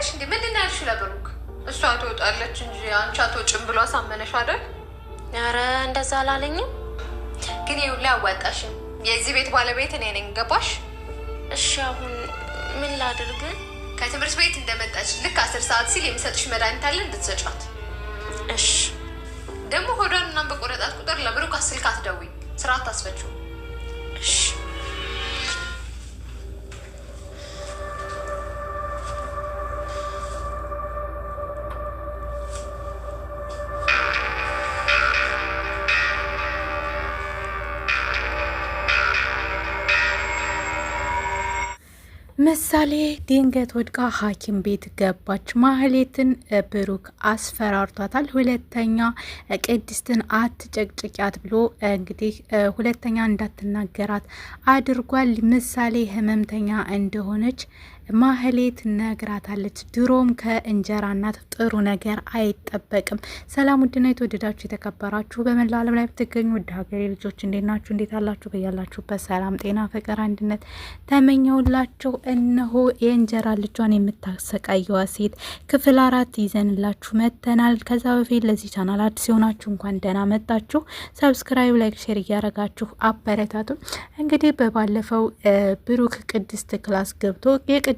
እሺ እንዴ ምንድን ነው ያልሽው ለብሩክ? እሷ ትወጣለች እንጂ አንቺ አትወጭም ብሎ አሳመነሽ አይደል? ኧረ እንደዛ አላለኝም። ግን ይኸውልህ አያዋጣሽም። የዚህ ቤት ባለቤት እኔ ነኝ። ገባሽ? እሺ አሁን ምን ላድርግ? ከትምህርት ቤት እንደመጣች ልክ አስር ሰዓት ሲል የሚሰጥሽ መድኃኒት አለ እንድትሰጫት። እሺ ደግሞ ሆዷን ምናምን በቆረጣት ቁጥር ለብሩክ ስልክ አትደውይ፣ ስራ አታስፈችው። እሺ ምሳሌ ድንገት ወድቃ ሐኪም ቤት ገባች። ማህሌትን ብሩክ አስፈራርቷታል። ሁለተኛ ቅድስትን አትጨቅጭቂያት ብሎ እንግዲህ ሁለተኛ እንዳትናገራት አድርጓል። ምሳሌ ህመምተኛ እንደሆነች ማህሌት ነግራታለች። ድሮም ከእንጀራ እናት ጥሩ ነገር አይጠበቅም። ሰላም ውድና የተወደዳችሁ የተከበራችሁ በመላው ዓለም ላይ ብትገኙ ውድ ሀገሬ ልጆች እንዴት ናችሁ? እንዴት አላችሁ? በያላችሁበት ሰላም፣ ጤና፣ ፍቅር፣ አንድነት ተመኘውላችሁ። እነሆ የእንጀራ ልጇን የምታሰቃየዋ ሴት ክፍል አራት ይዘንላችሁ መተናል። ከዛ በፊት ለዚህ ቻናል አዲስ ሲሆናችሁ እንኳን ደህና መጣችሁ። ሰብስክራይብ፣ ላይክ፣ ሼር እያረጋችሁ አበረታቱ። እንግዲህ በባለፈው ብሩክ ቅድስት ክላስ ገብቶ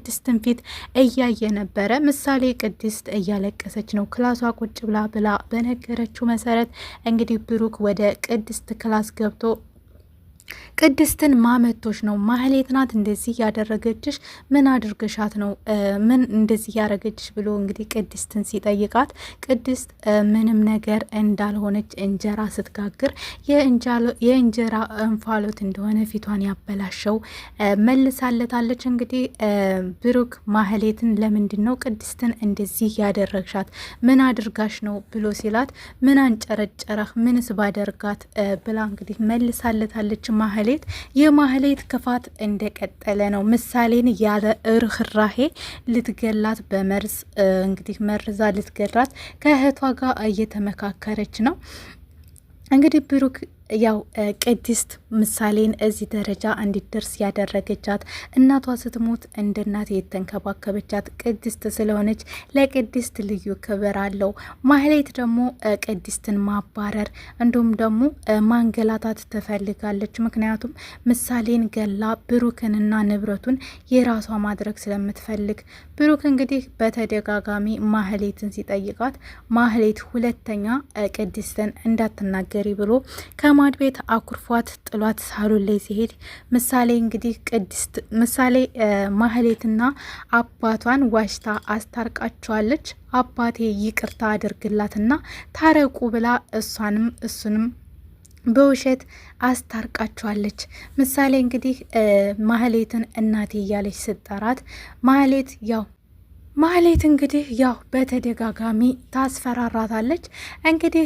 የቅድስትን ፊት እያየ ነበረ። ምሳሌ ቅድስት እያለቀሰች ነው። ክላሷ ቁጭ ብላ ብላ በነገረችው መሰረት እንግዲህ ብሩክ ወደ ቅድስት ክላስ ገብቶ ቅድስትን ማመቶች ነው ማህሌት ናት እንደዚህ ያደረገችሽ? ምን አድርገሻት ነው ምን እንደዚህ ያደረገችሽ? ብሎ እንግዲህ ቅድስትን ሲጠይቃት ቅድስት ምንም ነገር እንዳልሆነች እንጀራ ስትጋግር የእንጀራ እንፋሎት እንደሆነ ፊቷን ያበላሸው መልሳለታለች። እንግዲህ ብሩክ ማህሌትን ለምንድን ነው ቅድስትን እንደዚህ ያደረግሻት? ምን አድርጋሽ ነው ብሎ ሲላት ምን አንጨረጨረህ? ምንስ ባደርጋት ብላ እንግዲህ መልሳለታለች ማህሌት የማህሌት ክፋት እንደቀጠለ ነው። ምሳሌን ያለ እርህራሄ ልትገላት በመርዝ እንግዲህ መርዛ ልትገላት ከእህቷ ጋር እየተመካከረች ነው እንግዲህ ብሩክ ያው ቅድስት ምሳሌን እዚህ ደረጃ እንዲደርስ ያደረገቻት እናቷ ስትሞት እንደ እናት የተንከባከበቻት ቅድስት ስለሆነች ለቅድስት ልዩ ክብር አለው። ማህሌት ደግሞ ቅድስትን ማባረር እንዲሁም ደግሞ ማንገላታት ትፈልጋለች። ምክንያቱም ምሳሌን ገላ ብሩክንና ንብረቱን የራሷ ማድረግ ስለምትፈልግ ብሩክ እንግዲህ በተደጋጋሚ ማህሌትን ሲጠይቃት ማህሌት ሁለተኛ ቅድስትን እንዳትናገሪ ብሎ ከማ ልማድ ቤት አኩርፏት ጥሏት ሳሎን ላይ ሲሄድ ምሳሌ እንግዲህ ቅድስት ምሳሌ ማህሌትና አባቷን ዋሽታ አስታርቃቸዋለች። አባቴ ይቅርታ አድርግላትና ታረቁ ብላ እሷንም እሱንም በውሸት አስታርቃቸዋለች። ምሳሌ እንግዲህ ማህሌትን እናቴ እያለች ስጠራት ማህሌት ያው ማህሌት እንግዲህ ያው በተደጋጋሚ ታስፈራራታለች። እንግዲህ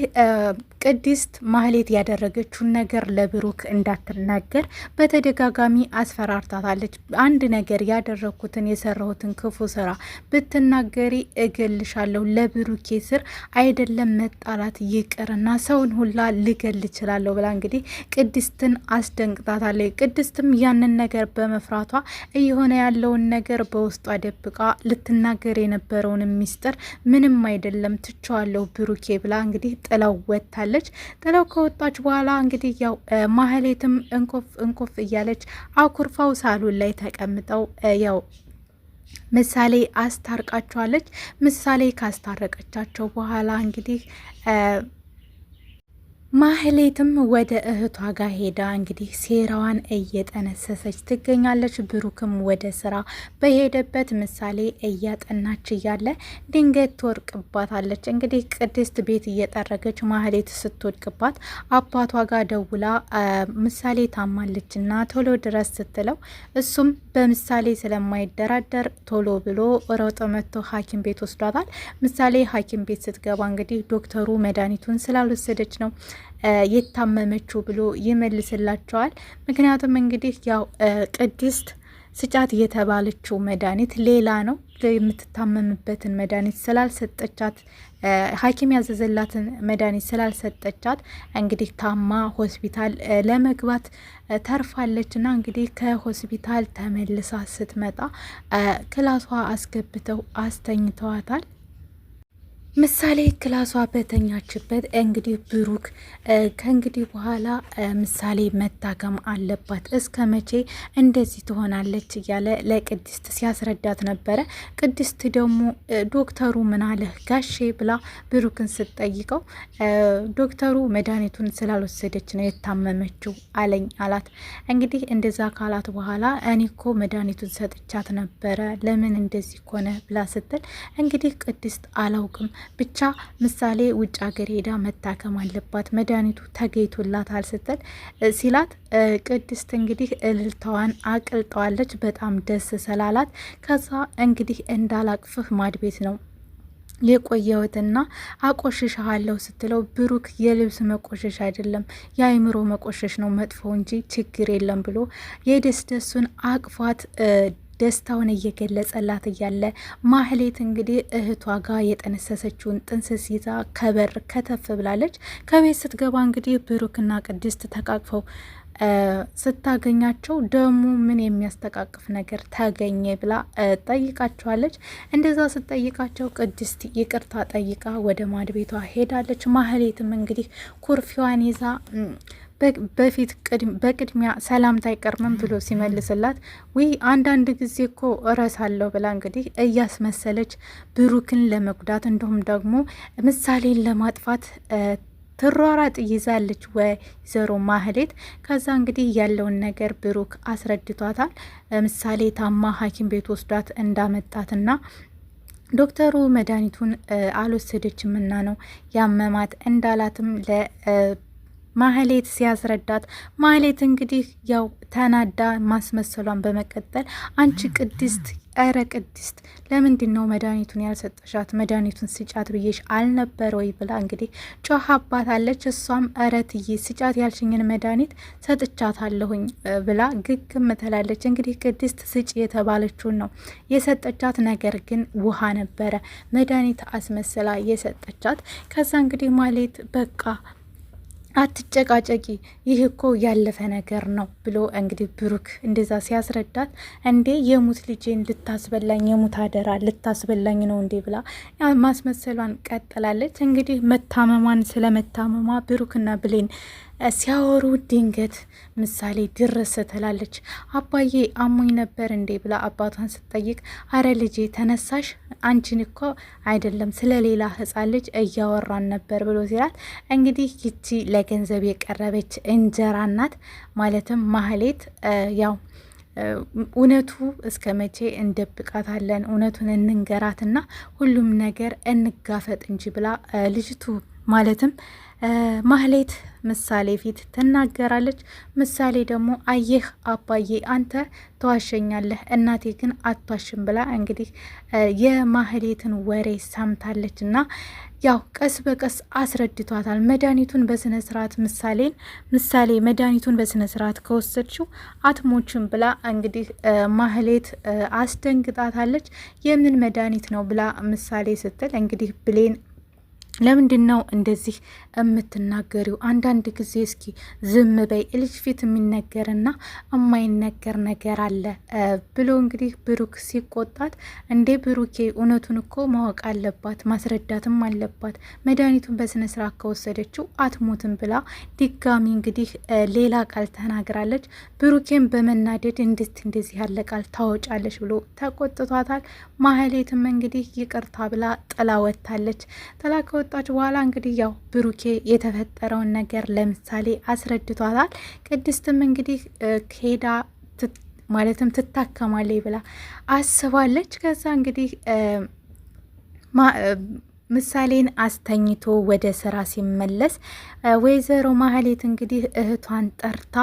ቅድስት ማህሌት ያደረገችውን ነገር ለብሩክ እንዳትናገር በተደጋጋሚ አስፈራርታታለች። አንድ ነገር ያደረግኩትን የሰራሁትን ክፉ ስራ ብትናገሪ እገልሻለሁ፣ ለብሩኬ ስር አይደለም መጣላት ይቅርና ሰውን ሁላ ልገል እችላለሁ ብላ እንግዲህ ቅድስትን አስደንቅታታለች። ቅድስትም ያንን ነገር በመፍራቷ እየሆነ ያለውን ነገር በውስጧ ደብቃ ልትና ስትናገር የነበረውን ሚስጥር ምንም አይደለም ትቸዋለሁ ብሩኬ ብላ እንግዲህ ጥላው ወጥታለች። ጥላው ከወጣች በኋላ እንግዲህ ያው ማህሌትም እንኮፍ እንኮፍ እያለች አኩርፋው ሳሎን ላይ ተቀምጠው ያው ምሳሌ አስታርቃቸዋለች። ምሳሌ ካስታረቀቻቸው በኋላ እንግዲህ ማህሌትም ወደ እህቷ ጋር ሄዳ እንግዲህ ሴራዋን እየጠነሰሰች ትገኛለች። ብሩክም ወደ ስራ በሄደበት ምሳሌ እያጠናች እያለ ድንገት ትወድቅባታለች። እንግዲህ ቅድስት ቤት እየጠረገች ማህሌት ስትወድቅባት አባቷ ጋር ደውላ ምሳሌ ታማለች እና ቶሎ ድረስ ስትለው እሱም በምሳሌ ስለማይደራደር ቶሎ ብሎ ሮጦ መጥቶ ሐኪም ቤት ወስዷታል። ምሳሌ ሐኪም ቤት ስትገባ እንግዲህ ዶክተሩ መድኃኒቱን ስላልወሰደች ነው የታመመችው ብሎ ይመልስላቸዋል። ምክንያቱም እንግዲህ ያው ቅድስት ስጫት የተባለችው መድኃኒት ሌላ ነው። የምትታመምበትን መድኃኒት ስላልሰጠቻት ሐኪም ያዘዘላትን መድኃኒት ስላልሰጠቻት እንግዲህ ታማ ሆስፒታል ለመግባት ተርፋለች እና እንግዲህ ከሆስፒታል ተመልሳ ስትመጣ ክላሷ አስገብተው አስተኝተዋታል። ምሳሌ ክላሷ በተኛችበት እንግዲህ ብሩክ ከእንግዲህ በኋላ ምሳሌ መታከም አለባት፣ እስከ መቼ እንደዚህ ትሆናለች እያለ ለቅድስት ሲያስረዳት ነበረ። ቅድስት ደግሞ ዶክተሩ ምን አለህ ጋሼ ብላ ብሩክን ስትጠይቀው ዶክተሩ መድኃኒቱን ስላልወሰደች ነው የታመመችው አለኝ አላት። እንግዲህ እንደዛ ካላት በኋላ እኔ እኮ መድኃኒቱን ሰጥቻት ነበረ ለምን እንደዚህ ሆነ ብላ ስትል እንግዲህ ቅድስት አላውቅም ብቻ ምሳሌ ውጭ ሀገር ሄዳ መታከም አለባት መድኃኒቱ ተገይቶላታል ስትል ሲላት ቅድስት እንግዲህ እልልታዋን አቅልጠዋለች። በጣም ደስ ስላላት ከዛ እንግዲህ እንዳላቅፍህ ማድቤት ነው የቆየውትና አቆሽሻለሁ ስትለው ብሩክ የልብስ መቆሸሽ አይደለም የአይምሮ መቆሸሽ ነው መጥፎ እንጂ ችግር የለም ብሎ የደስደሱን አቅፏት ደስታውን እየገለጸላት እያለ ማህሌት እንግዲህ እህቷ ጋር የጠነሰሰችውን ጥንስስ ይዛ ከበር ከተፍ ብላለች። ከቤት ስትገባ እንግዲህ ብሩክና ቅድስት ተቃቅፈው ስታገኛቸው ደሞ ምን የሚያስተቃቅፍ ነገር ተገኘ ብላ ጠይቃቸዋለች። እንደዛ ስትጠይቃቸው ቅድስት ይቅርታ ጠይቃ ወደ ማድ ቤቷ ሄዳለች። ማህሌትም እንግዲህ ኩርፊዋን ይዛ በፊት በቅድሚያ ሰላምታ አይቀርምም ብሎ ሲመልስላት ውይ አንዳንድ ጊዜ እኮ እረሳለሁ ብላ እንግዲህ እያስመሰለች ብሩክን ለመጉዳት እንዲሁም ደግሞ ምሳሌን ለማጥፋት ትሯራጥ ይዛለች ወይዘሮ ማህሌት። ከዛ እንግዲህ ያለውን ነገር ብሩክ አስረድቷታል። ምሳሌ ታማ ሐኪም ቤት ወስዷት እንዳመጣትና ዶክተሩ መድኃኒቱን አልወሰደችምና ነው ያመማት እንዳላትም ለ ማህሌት ሲያስረዳት ማህሌት እንግዲህ ያው ተናዳ ማስመሰሏን በመቀጠል አንቺ ቅድስት ረ ቅድስት ለምንድን ነው መድኃኒቱን ያልሰጠሻት? መድኃኒቱን ስጫት ብዬሽ አልነበር ወይ ብላ እንግዲህ ጮህ አለች። እሷም ረ ትዬ ስጫት ያልሽኝን መድኃኒት ሰጥቻታለሁኝ ብላ ግግም ትላለች። እንግዲህ ቅድስት ስጭ የተባለችውን ነው የሰጠቻት። ነገር ግን ውሃ ነበረ መድኃኒት አስመስላ የሰጠቻት። ከዛ እንግዲህ ማህሌት በቃ አትጨቃጨቂ ይህ እኮ ያለፈ ነገር ነው ብሎ እንግዲህ ብሩክ እንደዛ ሲያስረዳት፣ እንዴ የሙት ልጄን ልታስበላኝ የሙት አደራ ልታስበላኝ ነው እንዴ ብላ ማስመሰሏን ቀጥላለች። እንግዲህ መታመሟን ስለመታመሟ ብሩክና ብሌን ሲያወሩ ድንገት ምሳሌ ድርስ ትላለች። አባዬ አሞኝ ነበር እንዴ ብላ አባቷን ስትጠይቅ፣ አረ ልጄ ተነሳሽ፣ አንቺን እኮ አይደለም ስለሌላ ህፃን ልጅ እያወራን ነበር ብሎ ሲላት፣ እንግዲህ ይቺ ለገንዘብ የቀረበች እንጀራ ናት ማለትም ማህሌት ያው እውነቱ እስከ መቼ እንደብቃታለን? እውነቱን እንንገራትና ሁሉም ነገር እንጋፈጥ እንጂ ብላ ልጅቱ ማለትም ማህሌት ምሳሌ ፊት ትናገራለች። ምሳሌ ደግሞ አየህ አባዬ አንተ ተዋሸኛለህ እናቴ ግን አትዋሽም ብላ እንግዲህ የማህሌትን ወሬ ሰምታለች እና ያው ቀስ በቀስ አስረድቷታል። መድኃኒቱን በስነ ስርዓት ምሳሌን ምሳሌ መድኃኒቱን በስነ ስርዓት ከወሰድችው አትሞችም ብላ እንግዲህ ማህሌት አስደንግጣታለች። የምን መድኃኒት ነው ብላ ምሳሌ ስትል እንግዲህ ብሌን ለምንድን ነው እንደዚህ የምትናገሪው? አንዳንድ ጊዜ እስኪ ዝም በይ። ልጅ ፊት የሚነገርና የማይነገር ነገር አለ ብሎ እንግዲህ ብሩክ ሲቆጣት፣ እንዴ ብሩኬ እውነቱን እኮ ማወቅ አለባት ማስረዳትም አለባት። መድኃኒቱን በስነ ስርዓት ከወሰደችው አትሞትም ብላ ድጋሚ እንግዲህ ሌላ ቃል ተናግራለች። ብሩኬን በመናደድ እንድት እንደዚህ ያለ ቃል ታወጫለች ብሎ ተቆጥቷታል። ማህሌትም እንግዲህ ይቅርታ ብላ ጥላ ወጥታለች። ጥላ ከወጣች በኋላ እንግዲህ ያው ብሩኬ የተፈጠረውን ነገር ለምሳሌ አስረድቷታል። ቅድስትም እንግዲህ ከሄዳ ማለትም ትታከማለች ብላ አስባለች። ከዛ እንግዲህ ምሳሌን አስተኝቶ ወደ ስራ ሲመለስ ወይዘሮ ማህሌት እንግዲህ እህቷን ጠርታ